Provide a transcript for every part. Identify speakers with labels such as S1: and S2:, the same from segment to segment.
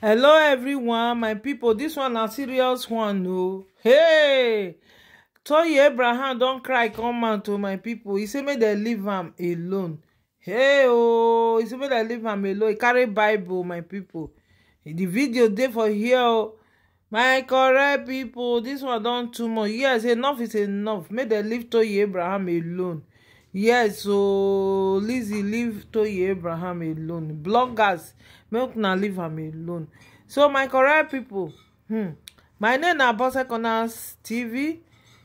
S1: hello everyone my people. This one a serious one o hey toyi abraham don't cry come on, to my people. He said me they leave him alone hey oh. He said me they leave him alone e carry bible my people. The video dey for here o my correct people. This one don't too much yes enough is enough make they leave toyi abraham alone yes ooo lizzie leave toye abraham alone bloggers make una leave am alone so my correct people, hmm my name na bosekona tv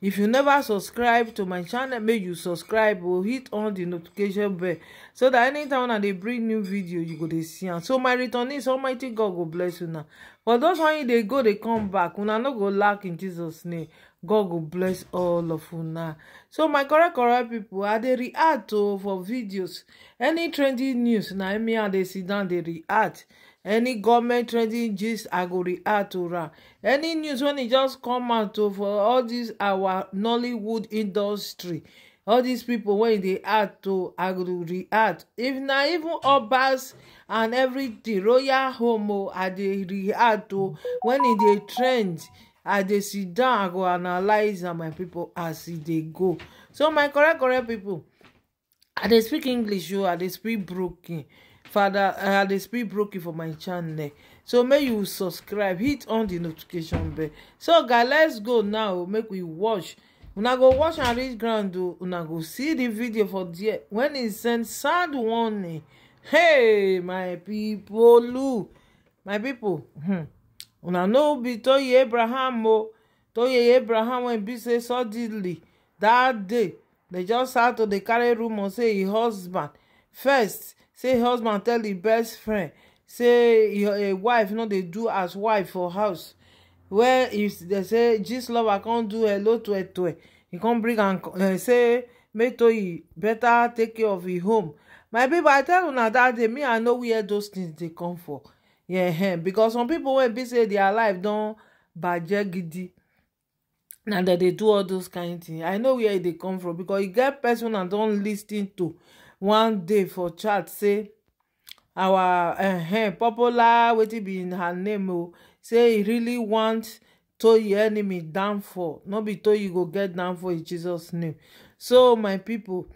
S1: if you never subscribe to my channel make you subscribe or oh, hit on the notification bell so that anytime i they bring new video you go to see And so my return is almighty god will bless you now. for those one they go they come back una not go lack in jesus name god will bless all of you now. so my correct correct people are they react o oh, for videos any trending news na me i they sit down dey react any government trending gist i go react to am any news when e just come out to oh, for all dis our nollywood industry all these people wey e dey add to oh, i go react if na even obas and everything royal homo oh, i dey react to when e dey trend i dey sit down i go analyse am my people as e dey go so my correct correct people. i dey speak english o i dey speak broken father i had dey speak broken for my channel so make you subscribe hit on the notification bell so guys let's go now make we watch una go watch and reach ground o oh. una go see the video for the when e send sad warning hey my people, lu my pipo hmm. una no be toye abraham o oh. toye abraham wey be say suddenly That day they just start to dey carry rumour say e husband first say husband tell him best friend say your wife no dey do as wife for house well if they say gist lover come do hello to etue He come bring am eh, say make toyi better take care of him home my people, i tell una that day me i know where those things dey come for yeah because some people wey be say dia life don baje gidi na dem dey do all those kain things i know where e dey come from because e get person i don lis ten to one day for chat say our uh, popular wetin be in her name o say e really want toyi enemy down for no be toyi go get down for in jesus name so my pipo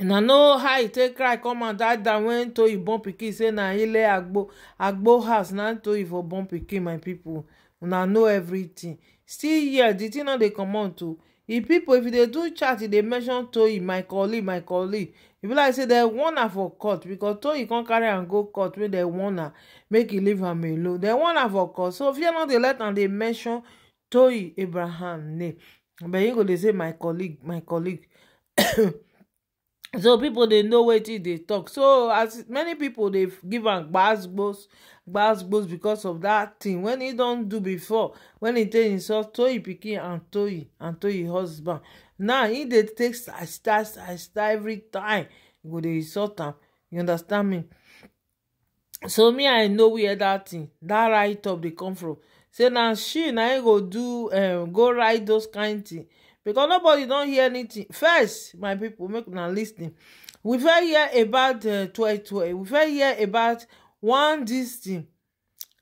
S1: na know how he take cry come out dat time wen toyi born pikin say na ile agbo agbo house na toyi for born pikin my pipo una know everything still here di tin no dey comot o if people if you dey do chat e dey mention toyi my colleague my colleague e be like say dem warn am for court because toyi con carry am go court wey dem warn am make e leave am alone dem warn am for court so fear not dey let am dey mention toyi abraham name but him go dey say my colleague my colleague so pipo dey know wetin dey talk. so as many pipo dey give am gbasgbos gbasgbos because of dat tin wen e don do before wen e take insult toyi pikin and toyi and toyi husband now if dey take side star side star every time you go dey insult am you understand me so me i know where dat thing dat write up dey come from say na she na im go do um, go write those kind thing because nobody don hear anything first my people make una ten we first hear about 1212 uh, we first hear about one dis thing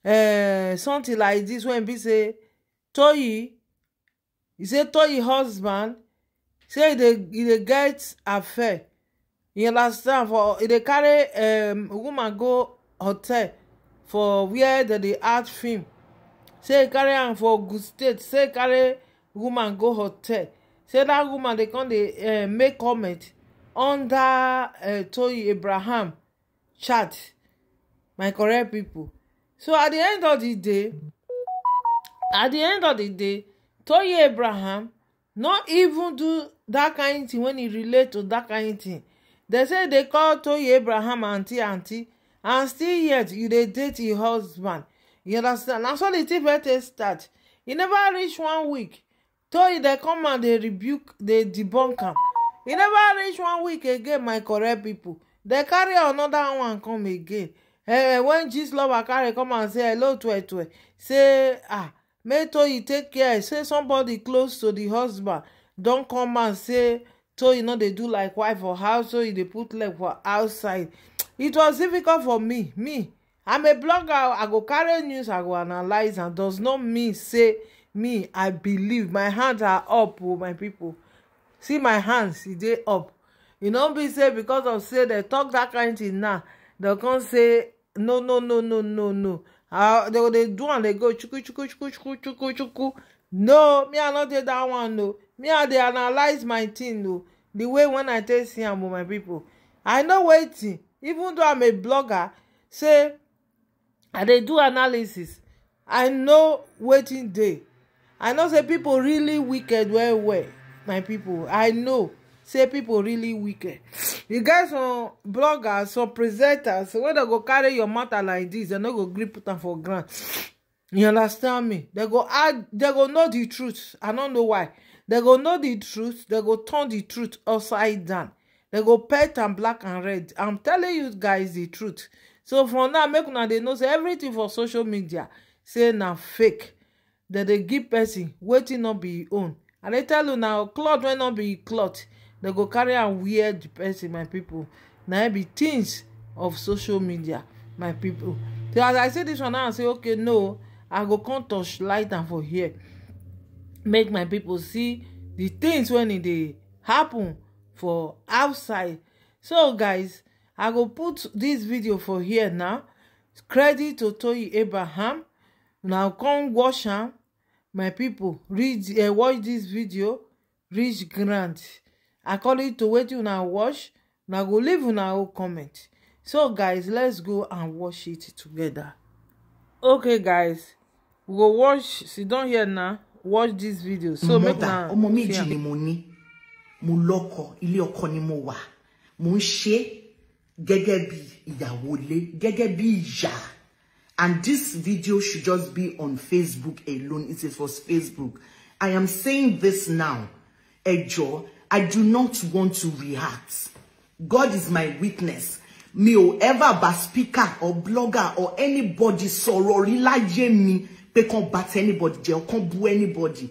S1: uh, something like this when be say toyi he say toyi husband say e dey get affair you understand for e dey carry um woman go hotel for where dem dey act film say e carry am for ogun state say e carry woman go hotel say dat woman dey come dey um, make comment under um, toyi abraham chat my correct pipo so at di end of di day at di end of di day toyi abraham not even do dat kain thing wen e relate to dat kain thing dem say dey call toye abraham aunty aunty and still yet you dey date your husband you understand na so di thing first take start e never reach one week toye dey come and dey rebuke dey debunk am e never reach one week again my correct pipo dem carry anoda one come again eh wen gist lover carry come and say hello tue tue say ah make toyin take care say somebody close to di husband don come out say toyin no dey do like wife for house toyin dey put leg for outside it was difficult for me me i'm a blogger i go carry news i go analyse and does not mean say me i believe my hands are up o oh, my people. see my hands e dey up e no be say because of say dem talk that kind thing. now dem come say no no no no no no Uh, they they do and they go chuku chuku chuku chuku chuku chuku no me i no dey that one no me i dey analyse my thing no the way when i take see am with my people i know wetin even though i'm a blogger say i dey do analysis i know wetin dey i know say people really wicked well well my people i know say people really wicked eh. you get some bloggers some presenters When they go carry your matter like dis dem no go gree put am for ground you understand me They go add They go know the truth i don't know why They go know the truth They go turn the truth upside down They go paint and black and red i'm telling you guys the truth so from now make una they know say everything for social media say na fake That they give person wetin no be e own i dey tell you now, cloth will not be cloth dem go carry am wear di person my pipo na be things of social media my pipo so as i say dis one now i say okay no i go come touch light am for here make my pipo see di things wey e dey happen for outside so guys i go put dis video for here now credit to toyi abraham now come watch am my pipo eh, watch dis video reach grant according to wetin una watch una go leave una own comment so guys let's go and watch it together okay guys we go watch sidon here now watch this video so make una
S2: ọmọ méjì ni mo ní mo lọ́kọ ilé ọkọ ni mo wà mo ń ṣe gẹ́gẹ́ bí ìyàwó ilé gẹ́gẹ́ bí ìyá and this video should just be on Facebook alone it is for Facebook I am saying this now ẹ jọ̀ọ́ I do not want to react. God is my witness. Me, ò ever bá speaker or blogger or anybody sọ̀rọ̀ rí me, mi pé kàn bá anybody jẹ́ or kàn bú anybody.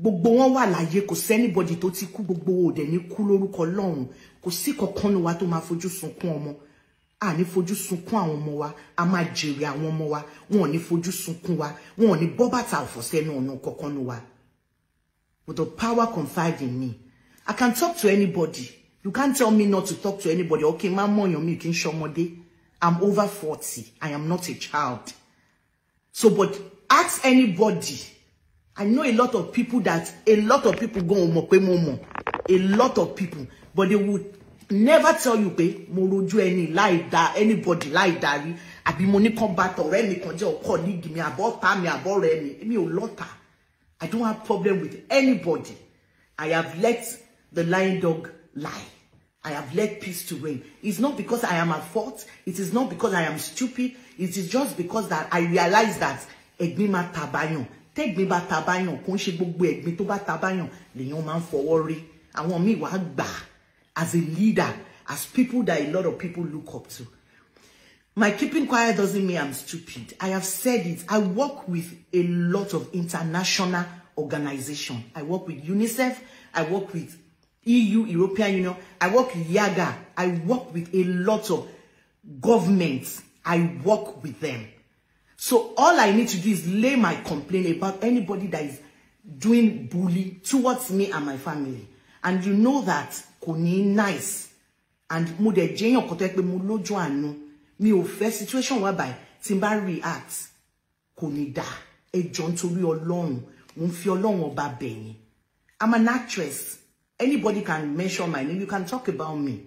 S2: Gbogbo wọn wà láyé kò sí anybody tó ti kú gbogbo wo dẹ̀ ní kú lórúkọ Ọlọ́run. Kò sí kankan wa tó ma fojú sunkún ọmọ. A ní fojú sunkún àwọn ọmọ wa, a máa jèrè àwọn ọmọ wa, wọn ní fojú sunkún wa, wọn ní bọ́ bàtà ọ̀fọ̀ sẹ́nu ọ̀nà kankan nu wa. But the power confide in me. I can talk to anybody. You can't tell me not to talk to anybody. Okay, my mom, you're making shomode. I'm over 40. I am not a child. So, but ask anybody. I know a lot of people that, a lot of people go omo pe A lot of people. But they would never tell you pe, moroju any lie that anybody lie dari. Abi mo ni combat or any konje or colleague mi, abo time mi, abo re mi. Mi I don't have problem with anybody. I have let the lion dog lie. I have led peace to reign. It's not because I am at fault. It is not because I am stupid. It is just because that I realize that ẹ̀gbin máa tàbáyàn. Tẹ́gbin bá tàbáyàn kò ń ṣe gbogbo ẹ̀gbin tó bá tàbáyàn lèèyàn máa ń fọwọ́ rí. as a leader as people that a lot of people look up to. My keeping quiet doesn't mean I'm stupid. I have said it. I work with a lot of international organization. I work with UNICEF. I work with EU, European Union. I work with YAGA. I work with a lot of governments. I work with them. So all I need to do is lay my complaint about anybody that is doing bully towards me and my family. And you know that Koni nice. And mo dẹ̀ jẹ́ èèyàn kan tó jẹ́ Mi ofe situation whereby timba n bá react kò ní dá. Ẹ jọ̀ọ́ nítorí Ọlọ́run. Mo ń fi I'm an actress. Anybody can mention my name. You can talk about me.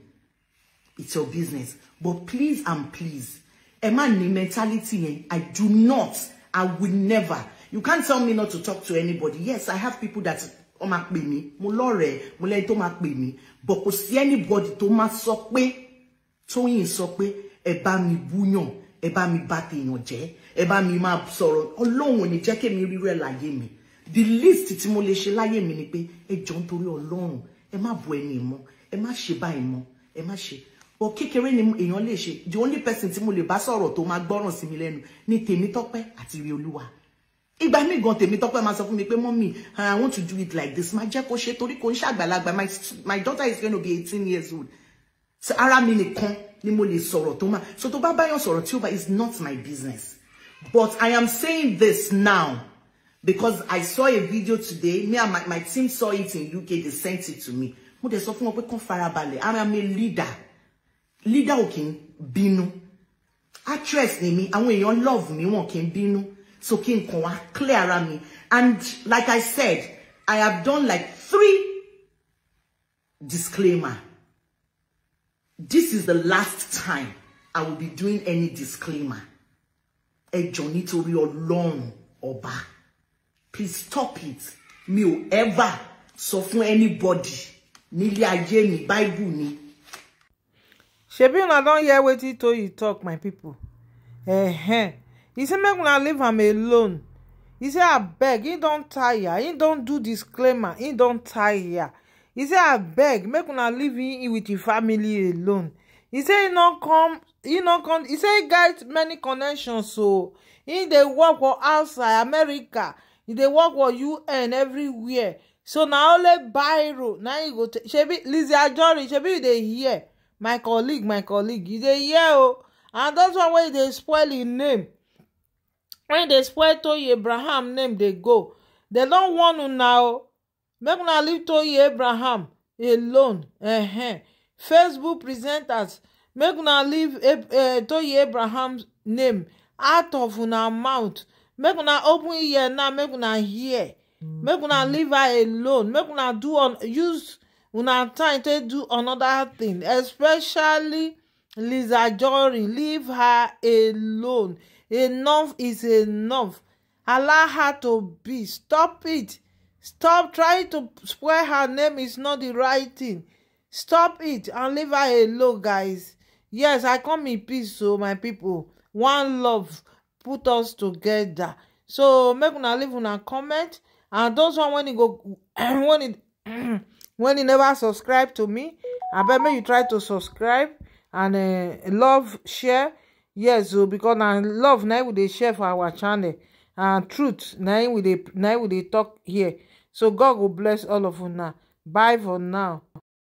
S2: It's your business. But please and please, a man ní mentality I do not. I will never. You can't tell me not to talk to anybody. Yes, I have people that ó máa pè mí. Mo lọ́rẹ̀ẹ́, mo lẹ́ni tó máa pè mí. But kò sí anybody tó máa sọ to Tóyìn sọ pé ẹ bá mi búyàn, ẹ bá mi bà tèèyàn jẹ́, ẹ bá mi máa sọ̀rọ̀. Ọlọ́run ò ní jẹ́ kémi rírú ẹ̀ láyé mi. the least tí mo lè ṣe láyé mi ni pé ẹ jọ ń ọlọ́run ẹ má bu ẹni mọ́ ẹ má ṣe mọ́ ẹ má ṣe ọ kékeré ni èèyàn lè ṣe the only person tí mo lè bá sọ̀rọ̀ tó máa gbọ́ràn sí mi lẹ́nu ni àti rí olúwa ìgbà mi gan Tèmítọ́pẹ́ máa sọ fún mi pé mọ́mì i want to do it like this máa jẹ́ kó ṣe torí kò ń ṣàgbàlagbà my daughter is going to be eighteen years old so ara mi nìkan ni mo lè sọ̀rọ̀ tó so tó bá báyọ̀ sọ̀rọ̀ tí ó bá is not my business but i am saying this now because I saw a video today. Me and my, my team saw it in UK. They sent it to me. I am a leader. Leader ò kí I trust in me. I want your love I wọn kí ń can be binu so can n clear me. And like I said, I have done like three disclaimer. This is the last time I will be doing any disclaimer. A Ẹ or long or back. please stop it mi ò ever sọ fún anybody nílé ayé mi bible ni.
S1: shebi una don hear wetin toyi talk my pipo uh-huh. e say make una leave am alone e say abeg e don tire e don do disclaimer e don tire e say abeg make una leave him with him family alone e say e no come e no come e say e get many connections o so. e dey work for outside america e dey work for un everywhere so na only biro na you go take shebi lizzie ajori shebi you dey hear my colleague my colleague you dey hear o and those one wey dey spoil im name wen dey spoil toye abraham name dey go dem don warn una o make una leave toye abraham alone uh-huh. facebook presenters make una leave eh, toye abraham name out of una mouth make una open ear now make una hear make una mm. leave her alone make una do on use una time take do another thing especially Liza Anjorin leave her alone enough is enough allow her to be stop it stop trying to spoil her name is not the right thing stop it and leave her alone guys yes i come in peace o oh, so my people one love put us together so make una leave una comment and those one when e go when e when e never subscribe to me abeg make you try to subscribe and uh, love share yes o oh, because na love na we dey share for our channel and truth na we dey na we dey talk here so god go bless all of una bye for now.